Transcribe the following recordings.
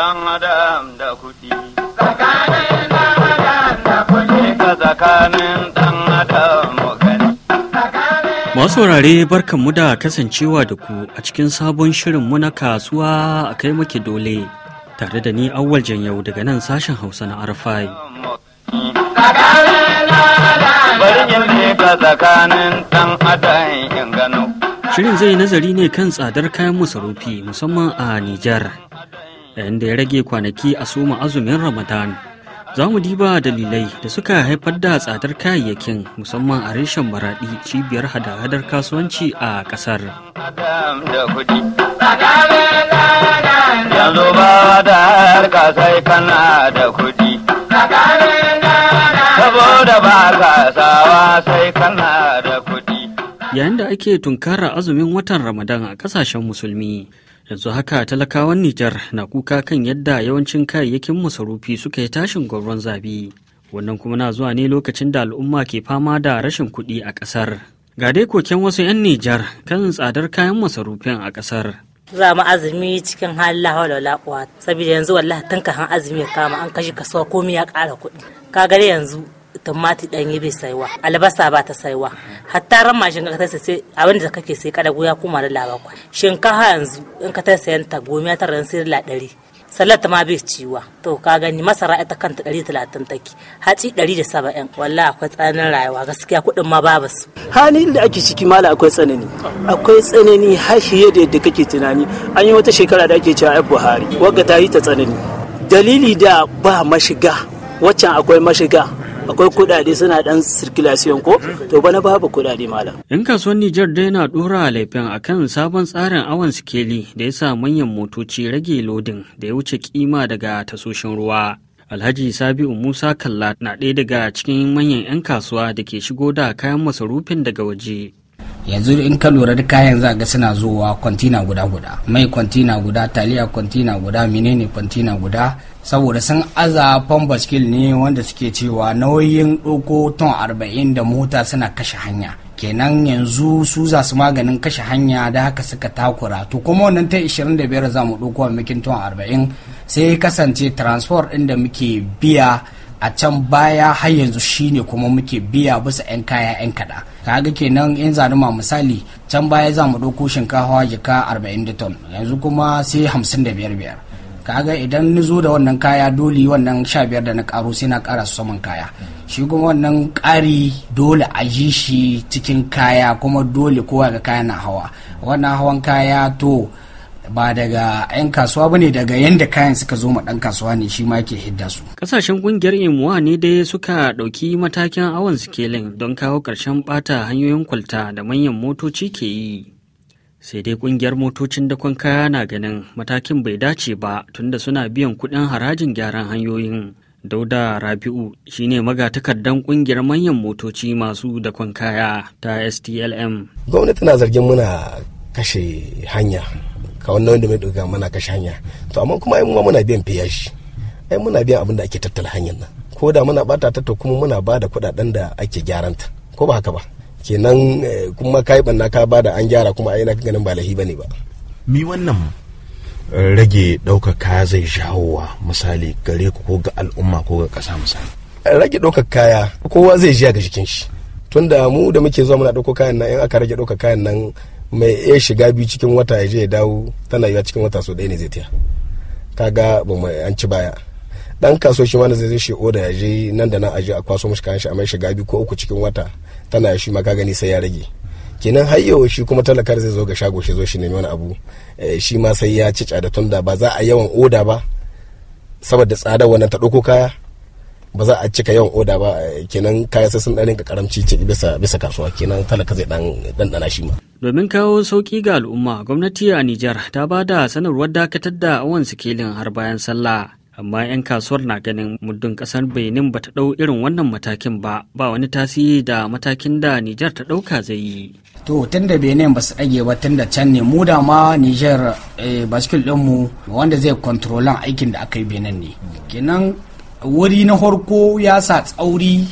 dan adam da da Masu saurare barkanmu da kasancewa da ku a cikin sabon shirinmu na kasuwa a kai maki dole tare da ni awwal yau daga nan sashen hausa na arfai. Shirin zai nazari ne kan tsadar kayan masarufi musamman a Nijar. yayin da ya rage kwanaki a soma azumin ramadan za mu diba dalilai da suka haifar da tsadar kayayyakin musamman a reshen maraɗi cibiyar hada-hadar kasuwanci a ƙasar yanzu harka yayin da ake tunkara azumin watan ramadan a ƙasashen musulmi yanzu haka talakawan nijar na kuka kan yadda yawancin kayayyakin masarufi suka yi tashin gwauron zabi wannan kuma na zuwa ne lokacin da al'umma ke fama da rashin kuɗi a ƙasar ga dai koken wasu 'yan nijar kan tsadar kayan masarufin a ƙasar za mu azumi cikin halin hawala wala kuwa saboda yanzu wallahi tun han azumi ya kama an kashe kasuwa komai ya kara kuɗi ka gare yanzu tumati yi bai saiwa albasa ba ta saiwa hatta ran mashin ka ta sai abin da kake sai kada goya kuma da labakwa shinkafa yanzu in ka ta yanta gomi ta ran sai la ɗari salata ma bai ciwa to ka gani masara ita kanta 130 talatin take hatsi 170 da akwai tsananin rayuwa gaskiya kudin ma babu su halin da ake ciki mala akwai tsanani akwai tsanani har yadda da yadda kake tunani an yi wata shekara da ake cewa ai buhari wagga ta yi ta tsanani dalili da ba mashiga waccan akwai mashiga akwai kudade suna dan circulation ko to bana babu kudade malam. yan kasuwan nijar dai na ɗora laifin akan sabon tsarin awon sikeli da yasa manyan motoci rage lodin da ya wuce kima daga tasoshin ruwa. Alhaji Sabi'u Musa Kalla na ɗaya daga cikin manyan 'yan kasuwa da ke shigo da kayan masarufin daga waje. yanzu in ka lura da kayan za ga suna zuwa kwantina guda guda mai kwantina guda taliya kwantina guda menene kwantina guda saboda sun aza skill ne wanda suke cewa nauyin ɗoko ton arba'in da mota suna kashe hanya kenan yanzu su za su maganin kashe hanya da haka suka takura to kuma wannan ta 25 za mu ɗoko a mikin ton arba'in sai kasance transport ɗin da muke biya a can baya har yanzu shine kuma muke biya bisa 'yan kaya 'yan kaɗa ka ga kenan in zanuma misali can baya za mu ɗauko shinkafa jika 40 ton yanzu kuma sai 55 biyar ga idan ni zo da wannan kaya dole wannan 15 da na karo sai na kara su saman kaya shi kuma wannan ƙari dole a ji shi cikin kaya kuma dole kowa ga kaya na hawa wannan hawan kaya to ba daga 'yan kasuwa bane daga yadda kayan suka zo ma ɗan kasuwa ne shi ma ke hidda su. Kasashen kungiyar imuwa ne dai suka ɗauki matakin awon sikelin don kawo ƙarshen ɓata hanyoyin kwalta da manyan motoci ke yi. Sai dai kungiyar motocin dakon kaya na ganin matakin bai dace ba tunda suna biyan kuɗin harajin gyaran hanyoyin. Dauda Rabi'u shine magatakardan kungiyar manyan motoci masu dakon kaya ta STLM. Gwamnati na zargin muna kashe hanya ka wannan wanda mai ɗauka mana kashe hanya to amma kuma ai mu muna biyan fiya shi ai muna biyan abin da ake tattala hanyar nan ko da muna bata ta to kuma muna ba da kuɗaɗen da ake gyaran ta ko ba haka ba kenan eh, kuma kai banna ka ba da an gyara kuma ai na ganin ba lahi bane ba mi wannan eh, rage ɗaukar kaya zai jawowa misali gare ku ko ga al'umma ko ga ƙasa misali rage ɗaukar kaya kowa zai jiya ga jikin shi tunda mu da muke zuwa muna ɗauko kayan nan in aka rage ɗaukar kayan nan mai iya shiga biyu cikin wata ya je ya dawo tana yiwa cikin wata so ɗaya ne zai tiya kaga ba mu an ci baya dan kaso shi wani zai shi oda ya je nan da nan a aje a kwaso mishi kayan shi amma shiga biyu ko uku cikin wata tana ya shi ma ka gani sai ya rage kenan har yau shi kuma talakar zai zo ga shago shi zo shi nemi wani abu eh, shi ma sai ya ci da tunda ba za a yawan oda ba saboda tsada wannan ta ɗauko kaya ba za a cika yawan oda ba eh, kenan kaya sai sun ɗarin ka karamci ce bisa bisa kasuwa kenan talaka zai dan ɗanɗana shi ma. Domin kawo sauki ga al'umma gwamnati a Nijar ta ba da sanarwar dakatar da awon sikilin har bayan sallah. amma 'yan kasuwar na ganin muddin kasar benin ba ta ɗau irin wannan matakin ba ba wani tasiri da matakin da nijar ta ɗauka zai yi to tun da benin ba su ɗage ba tun da can ne mu da ma nijar eh, baskil ɗinmu wanda zai kontrolan aikin da aka yi benin ne kenan wuri na harko ya sa tsauri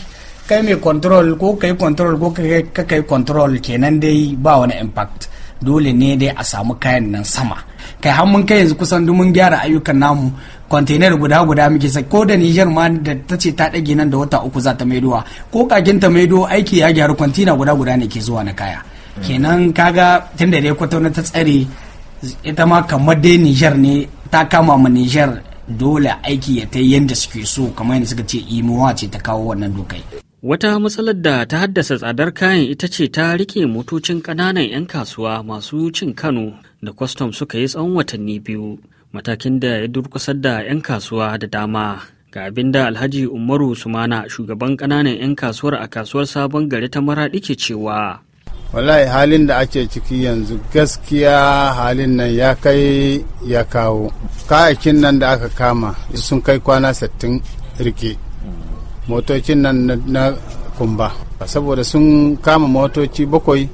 kai mai control ko kai control ko ka kai control kenan dai ba wani impact dole ne dai a samu kayan nan sama kai har mun kai yanzu kusan duk mun gyara ayyukan namu container guda guda muke sai ko da Niger ma da ta ce ta dage nan da wata uku za ta maidowa ko kakin ta maido aiki ya gyaru kwantina guda guda ne ke zuwa na kaya kenan kaga tunda dai ta tsare ita ma kamar dai Niger ne ta kama ma Niger dole aiki ya ta yadda suke so kamar yadda suka ce imowa ce ta kawo wannan dokai. Wata matsalar da ta haddasa tsadar kayan ita ce ta rike motocin ƙananan 'yan kasuwa masu cin Kano da kwastam suka yi tsawon watanni biyu, matakin da ya durkusar da 'yan kasuwa da dama. Ga abin da Alhaji Umaru Sumana shugaban ƙananan 'yan kasuwar a kasuwar Sabon Gari ta Maraɗi ke cewa. wallahi halin da ake ciki yanzu gaskiya halin nan ya kai ya kawo kayakin nan da aka kama sun kai kwana 60 rike motocin nan na kumba saboda sun kama motoci bakwai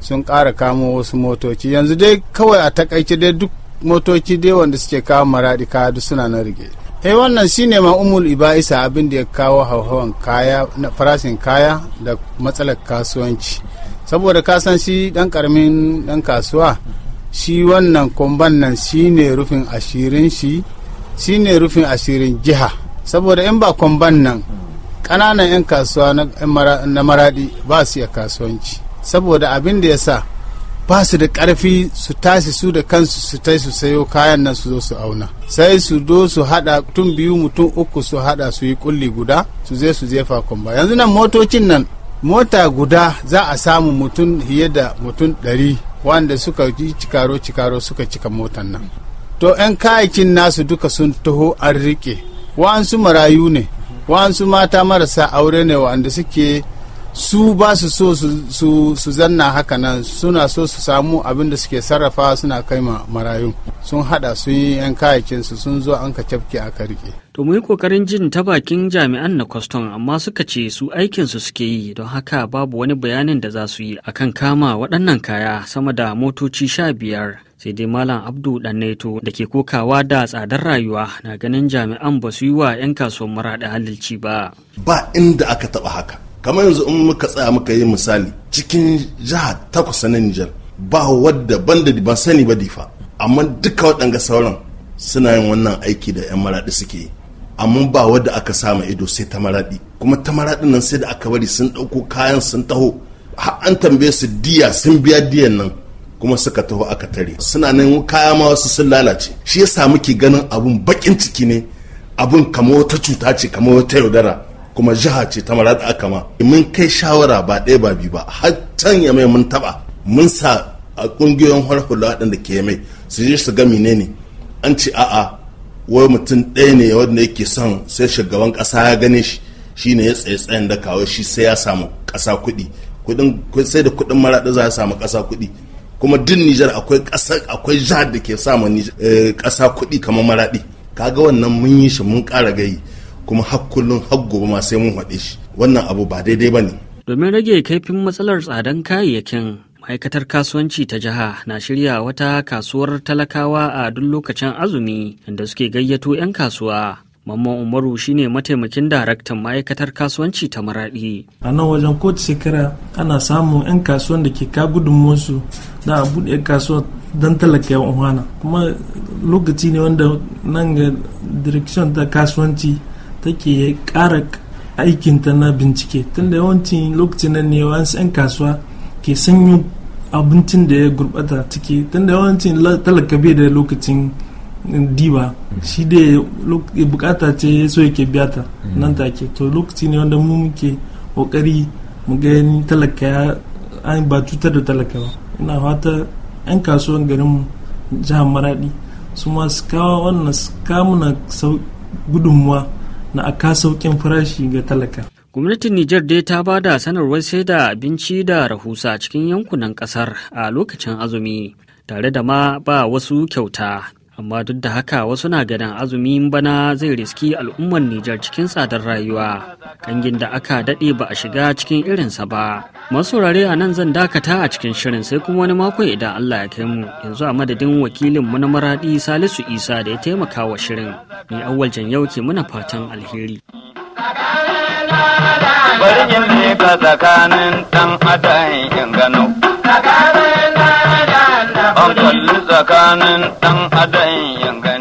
sun kara kama wasu motoci yanzu dai kawai a takaice dai duk motoci dai wanda suke kawo maradi kaya duk suna na rike eh wannan shine ma umul iba'isa abin da ya kawo hauhawan kaya na farashin kaya da matsalar kasuwanci saboda ka san shi dan karamin dan kasuwa shi wannan kwamban nan shi ne rufin ashirin shi shi ne rufin ashirin jiha saboda in ba kwamban nan ƙananan 'yan kasuwa na maradi ba su iya kasuwanci saboda abin da ya sa ba su da ƙarfi su tashi su da kansu su tai su sayo kayan nan su zo su auna sai su do su hada tun biyu mutum uku su hada su yi kulli guda su je su jefa kwamba yanzu nan motocin nan mota guda za a samu mutum fiye da mutum ɗari wanda suka yi cikaro-cikaro suka cika motan nan to 'yan kayakin nasu duka sun taho an riƙe wa'ansu marayu ne wa'ansu mata marasa aure ne wanda suke su ba su so su zanna haka nan suna so su samu abin da suke sarrafa suna kai ma marayu sun hada sun yi 'yan kayakinsu sun zo an ka cafke aka riƙe To mu yi kokarin jin ta bakin jami'an na kwaston amma suka ce su aikinsu suke yi don haka babu wani bayanin da za su yi akan kama waɗannan kaya sama da motoci sha biyar. Sai dai Malam Abdu naito da ke kokawa da tsadar rayuwa na ganin jami'an ba su yi wa 'yan kasuwan maraɗa halilci ba. Ba inda aka taɓa haka. Kamar yanzu in muka tsaya muka yi misali cikin jiha takwas na Nijar ba wadda banda ban sani ba difa amma duka waɗanga sauran suna yin wannan aiki da 'yan maraɗi suke yi. amma ba wadda aka samu ido sai ta maraɗi kuma ta maraɗin nan sai da aka bari sun ɗauko kayan sun taho an tambaye su diya sun biya diyan nan kuma suka taho aka tare suna nan kaya ma wasu sun lalace shi ya yasa muke ganin abun bakin ciki ne abun kama wata cuta ce kama wata yaudara kuma jiha ce ta maraɗi aka ma mun kai shawara ba ɗaya ba biyu ba har can ya mai mun taɓa mun sa a ƙungiyoyin harhula waɗanda ke mai su je su ga menene an ce a'a wai mutum ɗaya ne wanda yake son sai shugaban ƙasa ya gane shi ne ya tsaye da kawo shi sai ya samu ƙasa kuɗi sai da kuɗin maraɗi za ya samu ƙasa kuɗi kuma duk Nijar akwai ƙasa akwai jihar da ke samu eh, ƙasa kuɗi kamar maraɗi kaga wannan mun yi shi mun ƙara gayi kuma har kullum har gobe ma sai mun haɗe shi wannan abu ba daidai ba ne. domin rage kaifin matsalar tsadan kayayyakin ma'aikatar kasuwanci ta jiha na shirya wata kasuwar talakawa a duk lokacin azumi da suke gayyato 'yan kasuwa mamman umaru shine mataimakin daraktan ma'aikatar kasuwanci ta maradi a nan wajen kotu shekara ana samun 'yan kasuwan da ke ka musu da a buɗe kasuwa don talaka yawan kuma lokaci ne wanda nan ga direction ta kasuwanci take ƙara aikinta na bincike tunda yawancin lokacin nan ne 'yan kasuwa ke sanyo abincin da ya gurbata ciki tunda yawancin talaka bai da lokacin diba mm. shi da ya bukata ce ya so yake biyata mm. nan take to lokaci ne wanda mu muke kokari mu gani talaka ya an ba cutar da talaka ba ina fata yan kasuwan garin jihar maradi su ma su kawo wannan su kamuna gudunmuwa na aka sauƙin farashi ga talaka Gwamnatin Nijar dai ta ba da sanarwar da abinci da rahusa cikin yankunan kasar a lokacin azumi, tare da ma ba wasu kyauta. Amma duk da haka wasu na ganin azumi bana zai riski al'ummar Nijar cikin tsadar rayuwa, kangin da aka daɗe ba a shiga cikin irinsa ba. Masu rare a nan zan dakata a cikin shirin sai kuma wani makon idan Allah ya kai mu yanzu a madadin wakilin mu na Maradi Salisu Isa da ya taimaka wa shirin. Ni awwal jan yau ke muna fatan alheri. bari ne leka tsakanin dan adam in gano kalli tsakanin dan adam in gano